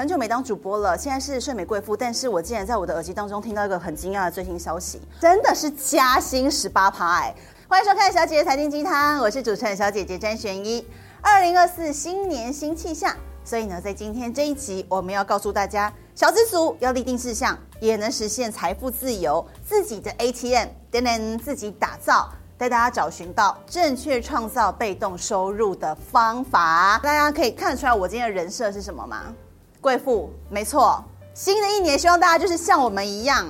很久沒當主播了，現在是睡美貴婦，但是我竟然在我的耳機當中聽到一個很驚訝的最新消息，真的是加薪十八趴。哎、欸！歡迎收看《小姐姐財經雞湯》，我是主持人小姐姐詹璇依。二零二四新年新氣象，所以呢，在今天這一集，我們要告訴大家，小資族要立定志向，也能實現財富自由，自己的 ATM 等等自己打造，帶大家找尋到正確創造被動收入的方法。大家可以看出來，我今天的人設是什麼嗎？貴婦，沒錯。新的一年，希望大家就是像我們一樣，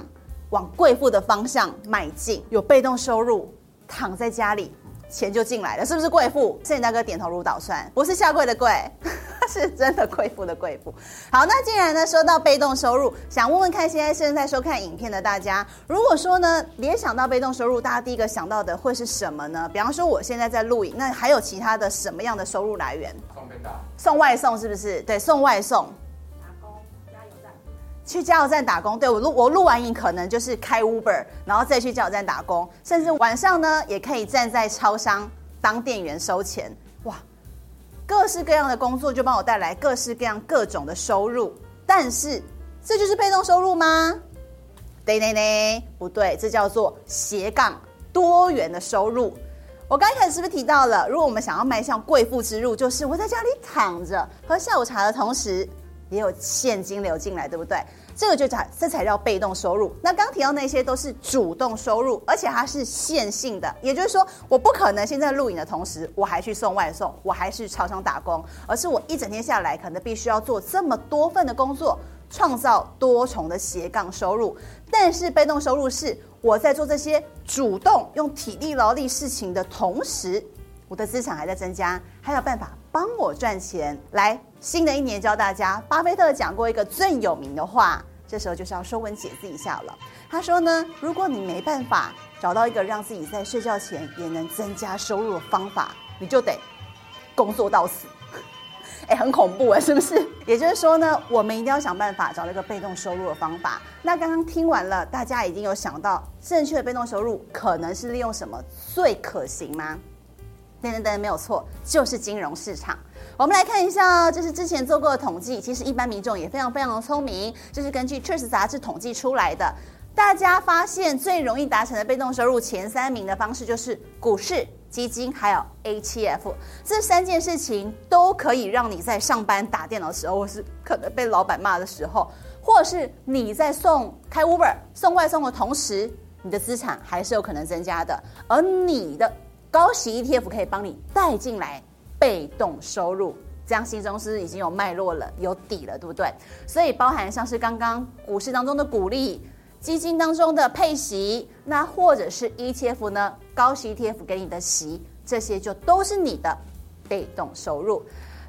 往貴婦的方向邁進。有被動收入，躺在家裡，錢就進來了，是不是貴婦？攝影大哥點頭如搗蒜，不是下跪的跪， 是真的貴婦的貴婦。好，那既然呢說到被動收入，想問問看現在正在收看影片的大家，如果說呢聯想到被動收入，大家第一個想到的會是什麼呢？比方說我現在在錄影，那還有其他的什麼樣的收入來源？送外賣，送外送是不是？對，送外送。去加油站打工。對，我錄我錄完影，可能就是開 Uber，然後再去加油站打工，甚至晚上呢也可以站在超商當店員收錢。哇，各式各樣的工作就幫我帶來各式各樣各種的收入。但是這就是被動收入嗎？對對對，對，不對，這叫做斜槓多元的收入。我剛才是不是提到了，如果我們想要邁向貴婦之路，就是我在家裡躺着喝下午茶的同時，也有現金流進來，對不對？這個就才這才叫被動收入。那剛提到那些都是主動收入，而且它是線性的，也就是說，我不可能現在錄影的同時我還去送外送，我還是超商打工，而是我一整天下來可能必須要做這麼多份的工作，創造多重的斜槓收入。但是被動收入是我在做這些主動用體力勞力事情的同時。我的資產還在增加，還有辦法幫我賺錢？來，新的一年教大家，巴菲特講過一個最有名的話，這時候就是要說文解字一下了。他說呢，如果你沒辦法找到一個讓自己在睡覺前也能增加收入的方法，你就得工作到死。哎，很恐怖啊，是不是？也就是說呢，我們一定要想辦法找那一個被動收入的方法。那剛剛聽完了，大家已經有想到正確的被動收入可能是利用什麼最可行嗎？對，對，對。沒有錯，就是金融市場。我們來看一下，這、就是之前做過的統計。其實一般民眾也非常非常的聰明，這、就是根據《確實雜誌統計出來的。大家發現最容易達成的被動收入前三名的方式，就是股市、基金還有 ETF 這三件事情，都可以讓你在上班打電腦的時候，或是可能被老闆罵的時候，或者是你在送開 Uber 送外送的同時，你的資產還是有可能增加的。而你的。高息 ETF 可以幫你帶進來被動收入，這樣心中是已經有脈絡了，有底了，對不對？所以包含像是剛剛股市當中的股利、基金當中的配息，那或者是 ETF 呢，高息 ETF 給你的息，這些就都是你的被動收入。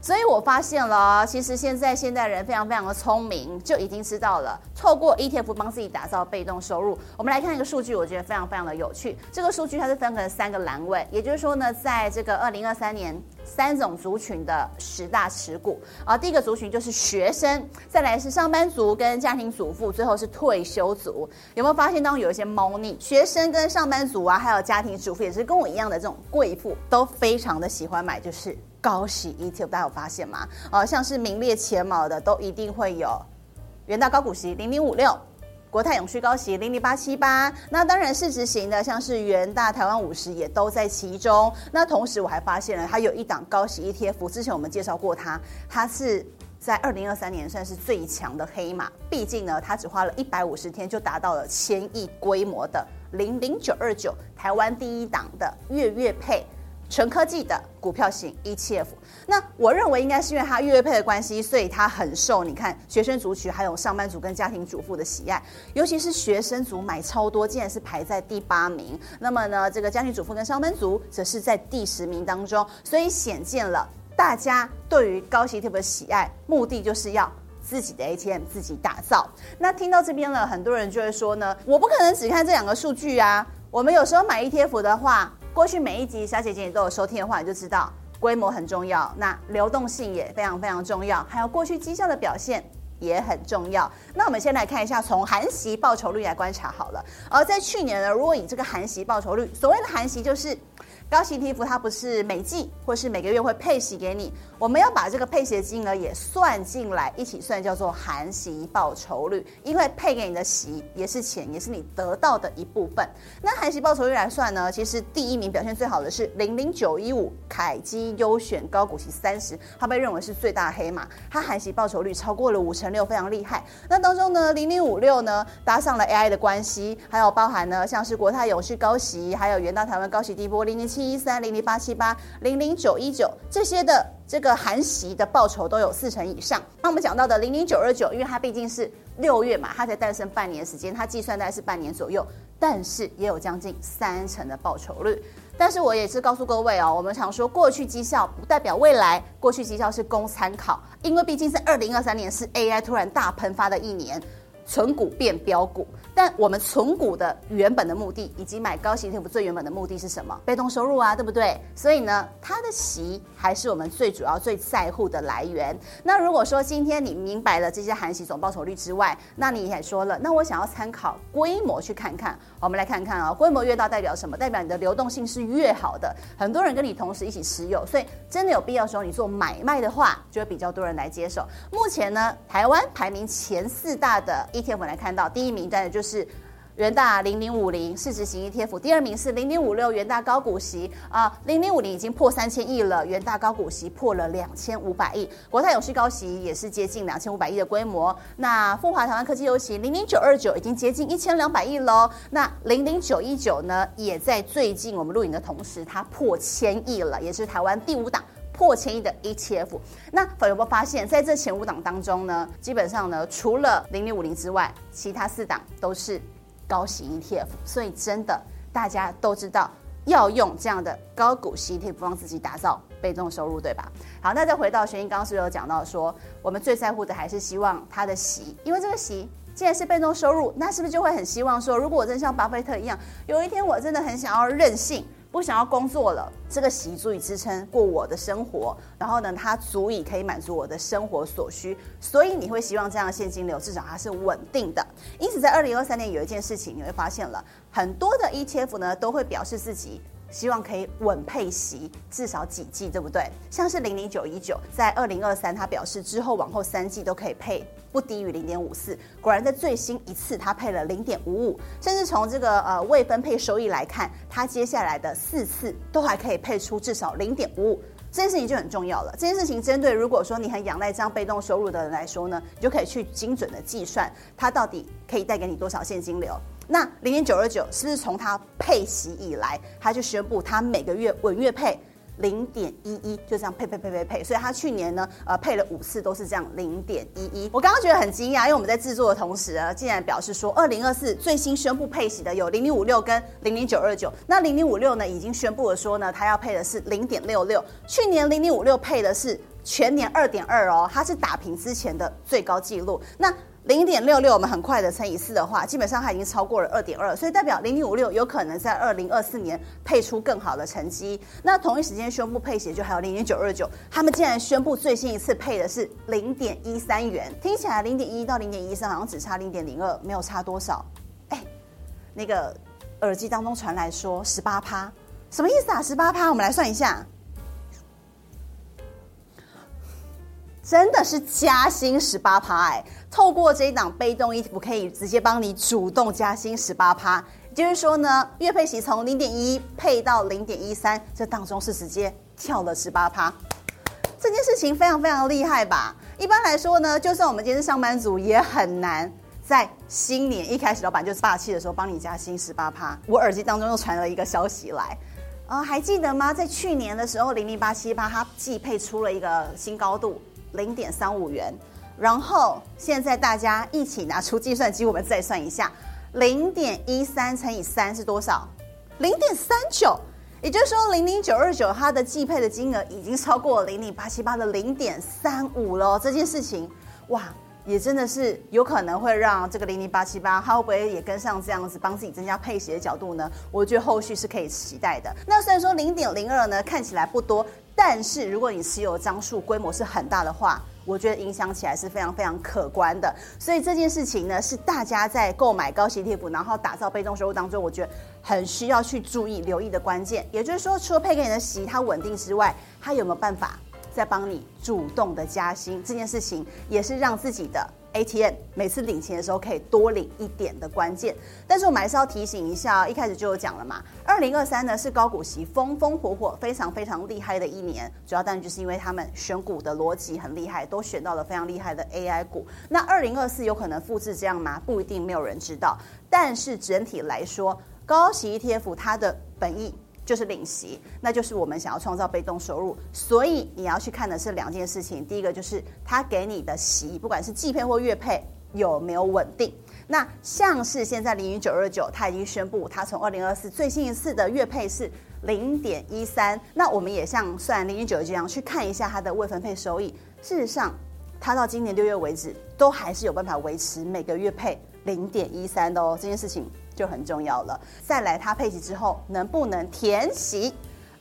所以我發現了，其實現在現代人非常非常的聰明，就已經知道了，透過 ETF 幫自己打造被動收入。我們來看一個數據，我覺得非常非常的有趣。這個數據它是分成三個欄位，也就是說呢，在這個二零二三年三種族群的十大持股啊，第一個族群就是學生，再來是上班族跟家庭主婦，最後是退休族。有沒有發現當中有一些貓膩？學生跟上班族啊，還有家庭主婦，也是跟我一樣的這種貴婦，都非常的喜歡買，就是。高息 ETF 大家有發現嗎？呃，像是名列前茅的都一定會有，元大高股息零零五六，國泰永續高息零零八七八。那當然市值型的，像是元大台灣五十也都在其中。那同時我還發現了它有一檔高息 ETF，之前我們介紹過它，它是在二零二三年算是最強的黑馬。畢竟呢，它只花了一百五十天就達到了千億規模的零零九二九，台灣第一檔的月月配。純科技的股票型 ETF，那我認為應該是因為它月配的關係，所以它很受你看學生族群還有上班族跟家庭主婦的喜愛，尤其是學生族買超多，竟然是排在第八名。那麼呢，這個家庭主婦跟上班族則是在第十名當中，所以顯見了大家對於高息 ETF 的喜愛，目的就是要自己的 ATM 自己打造。那聽到這邊了，很多人就會說呢，我不可能只看這兩個數據啊，我們有時候買 ETF 的話。過去每一集小姐姐你都有收聽的話，你就知道規模很重要，那流動性也非常非常重要，還有過去績效的表現也很重要。那我們先來看一下，從含息報酬率來觀察好了。而在去年呢，如果以這個含息報酬率，所謂的含息就是。高息 ETF 它不是每季或是每個月會配息給你，我們要把這個配息金額也算進來一起算，叫做含息報酬率，因為配給你的息也是錢，也是你得到的一部分。那含息報酬率來算呢，其實第一名表現最好的是零零九一五凱基優選高股息三十，它被認為是最大黑馬，它含息報酬率超過了五成六，非常厲害。那當中呢，零零五六呢搭上了 AI 的關係，還有包含呢像是國泰永續高息，還有元大台灣高息低波零零七。一三零零八七八零零九一九，這些的這個含息的報酬都有四成以上。那我們講到的零零九二九，因為它畢竟是六月嘛，它才誕生半年時間，它計算在是半年左右，但是也有將近三成的報酬率。但是我也是告訴各位哦，我們常說過去績效不代表未來，過去績效是供參考，因為畢竟是二零二三年是 AI 突然大噴發的一年。存股變標股，但我們存股的原本的目的，以及買高息 ETF 最原本的目的是什麼？被動收入啊，對不對？所以呢，它的息還是我們最主要、最在乎的來源。那如果說今天你明白了這些含息總報酬率之外，那你也說了，那我想要參考規模去看看。我們來看看啊、哦，規模越大代表什麼？代表你的流動性是越好的。很多人跟你同時一起持有，所以真的有必要時候你做買賣的話，就會比較多人來接手。目前呢，台灣排名前四大的，一天，我們來看到第一名在的就是元大零零五零市值型 ETF，第二名是零零五六元大高股息啊，零零五零已經破三千億了，元大高股息破了兩千五百億，國泰永續高息也是接近兩千五百億的規模。那復華台灣科技優息零零九二九已經接近一千兩百億嘍，那零零九一九呢，也在最近我們錄影的同時，它破千億了，也是台灣第五檔。過千億的 ETF，那粉友有沒有發現，在這前五檔當中呢，基本上呢，除了零零五零之外，其他四檔都是高息 ETF，所以真的大家都知道要用這樣的高股息 ETF 幫自己打造被動收入，對吧？好，那再回到璇依剛剛是有講到說，我們最在乎的還是希望它的息，因為這個息既然是被動收入，那是不是就會很希望說，如果我真像巴菲特一樣，有一天我真的很想要任性？不想要工作了，這個息足以支撐過我的生活，然後呢，它足以可以滿足我的生活所需，所以你會希望這樣的現金流至少它是穩定的。因此，在二零二三年有一件事情你會發現了很多的 ETF 呢都會表示自己，希望可以穩配息至少幾季，對不對？像是零零九一九，在二零二三，他表示之後往後三季都可以配不低於零點五四。果然，在最新一次，它配了零點五五，甚至從這個呃未分配收益來看，它接下來的四次都還可以配出至少零點五五。這件事情就很重要了。這件事情針對如果說你很仰賴這樣被動收入的人來說呢，你就可以去精準的計算它到底可以帶給你多少現金流。那零零九二九是不是從它配息以來，它就宣布它每個月穩月配零點一一，就這樣配配配配配。所以它去年呢，呃，配了五次都是這樣零點一一。我剛剛覺得很驚訝，因為我們在制作的同時啊，竟然表示說，二零二四最新宣布配息的有零零五六跟零零九二九。那零零五六呢，已經宣布了說呢，它要配的是零點六六。去年零零五六配的是全年二點二哦，它是打平之前的最高紀錄。那零點六六，我們很快的乘以四的話，基本上它已經超過了二點二，所以代表零零五六有可能在二零二四年配出更好的成績。那同一時間宣布配息就還有零零九二九，他們竟然宣布最新一次配的是零點一三元，聽起來零點一到零點一三好像只差零點零二，沒有差多少。哎、欸，那個耳機當中傳來說十八趴，什麼意思啊？十八趴，我們來算一下。真的是加薪十八趴哎！欸、透過這一檔被動 ETF 我可以直接幫你主動加薪十八趴。也就是說呢，月配息從零點一配到零點一三，這當中是直接跳了十八趴。這件事情非常非常厲害吧？一般來說呢，就算我們今天是上班族，也很難在新年一開始老板就霸氣的時候幫你加薪十八趴。我耳機當中又傳了一個消息來，呃還記得嗎？在去年的時候，零零八七八它季配出了一個新高度。零點三五元，然後現在大家一起拿出計算機，我們再算一下，零點一三乘以三是多少？零點三九，也就是說零零九二九它的季配的金額已經超過零零八七八的零點三五了。這件事情，哇！也真的是有可能會讓這個零零八七八，它會不會也跟上這樣子，幫自己增加配息的角度呢？我覺得後續是可以期待的。那雖然說零點零二呢，看起來不多，但是如果你持有的張數規模是很大的話，我覺得影響起來是非常非常可觀的。所以這件事情呢，是大家在購買高息貼補，然後打造被動收入當中，我覺得很需要去注意、留意的關鍵。也就是說，除了配給你的息它穩定之外，它有沒有辦法？在幫你主動的加薪這件事情，也是讓自己的 ATM 每次領錢的時候可以多領一點的關鍵。但是我們還是要提醒一下，一開始就有講了嘛，二零二三呢是高股息風風火火、非常非常厲害的一年，主要當然就是因為他們選股的邏輯很厲害，都選到了非常厲害的 AI 股。那二零二四有可能複制這樣嗎？不一定，沒有人知道。但是整體來說，高息 ETF 它的本意。就是領息，那就是我們想要創造被動收入。所以你要去看的是兩件事情，第一個就是他給你的息，不管是季配或月配有沒有穩定。那像是現在零零九二九，他已經宣布他從二零二四最新一次的月配是零點一三。那我們也像算零零九二九這樣去看一下它的未分配收益。事實上，它到今年六月為止，都還是有辦法維持每個月配零點一三的哦。這件事情。就很重要了。再來，它配息之後能不能填息，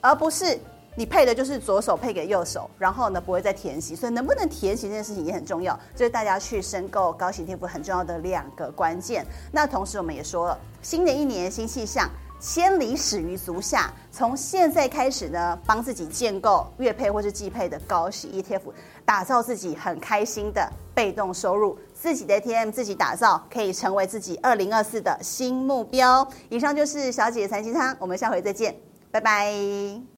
而不是你配的就是左手配給右手，然後呢，不會再填息。所以能不能填息這件事情也很重要，所、就是大家去申購高息 ETF 很重要的兩個關鍵。那同時我們也說了，新的一年新氣象，千里始於足下，從現在開始呢，幫自己建構月配或是季配的高息 ETF，打造自己很開心的被動收入。自己的 ATM 自己打造，可以成為自己二零二四的新目標。以上就是小姐姐財經湯，我們下回再見，拜拜。